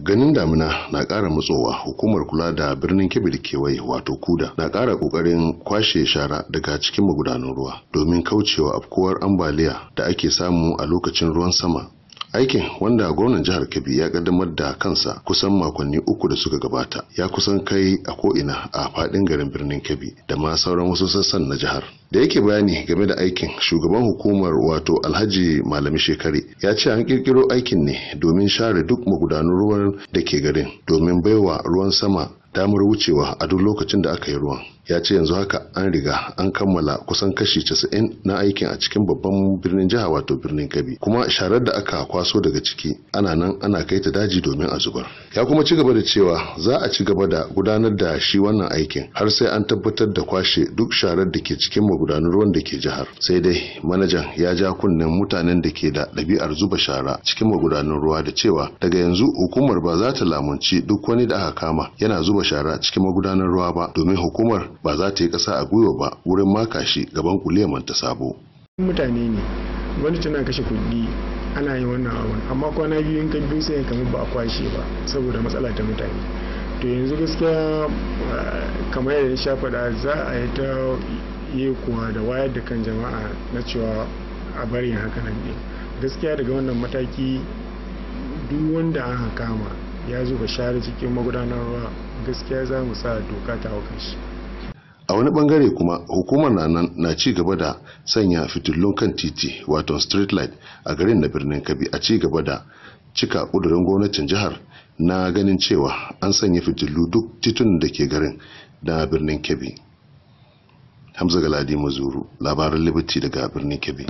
ganin damina na ƙara matsowa hukumar kula da birnin kebir kewaye wato kuda na ƙara ƙoƙarin kwashe shara daga cikin magudanan ruwa domin kaucewa afkuwar ambaliya da ake samu a lokacin ruwan sama aikin wanda gwamnan jihar kebbi ya kaddamar da kansa kusan makonni uku da suka gabata ya kusan kai a ko'ina a fadin garin birnin kebbi da ma sauran wasu sassan na jihar da yake bayani game da aikin shugaban hukumar wato alhaji malami shekari ya ce an kirkiro aikin ne domin share duk magudanun ruwan da ke garin domin baiwa ruwan sama damar wucewa a duk lokacin da aka yi ruwan ya ce yanzu haka an riga an kammala kusan kashi 90 na aikin a cikin babban birnin jiha wato birnin kabi kuma sharar da aka kwaso daga ciki ana nan ana kai ta daji domin a zubar ya kuma ci gaba da cewa za a ci gaba da gudanar da shi wannan aikin har sai an tabbatar da kwashe duk sharar da ke cikin magudanar ruwan da ke jihar sai dai manajan ya ja kunnen mutanen da ke da ɗabi'ar zuba shara cikin magudanar ruwa da cewa daga yanzu hukumar ba za ta lamunci duk wani da aka kama yana zuba shara cikin magudanar ruwa ba domin hukumar ba za ta yi ƙasa a gwiwa ba wurin maka shi gaban kuleman ta sabo mutane ne wani tana kashe kuɗi ana yi wannan abun amma kwana biyu in ka biyu ya kamar ba a kwashe ba saboda matsala ta mutane to yanzu gaskiya eh, kamar yadda sha faɗa za a yi ta yi kuwa da wayar da kan jama'a na cewa a bari haka nan ne gaskiya daga wannan mataki duk wanda an kama ya zuba share cikin magudanar ruwa gaskiya za mu sa doka ta hauka shi a wani bangare kuma hukumar na nan na ci gaba da sanya fitullun kan titi wato street light a garin na birnin kabi a ci gaba da cika kudurin gwamnatin jihar na ganin cewa an sanya fitilu duk titunan da ke garin na birnin kebbi hamza galadi mazuru labaran liberty daga birnin kebbi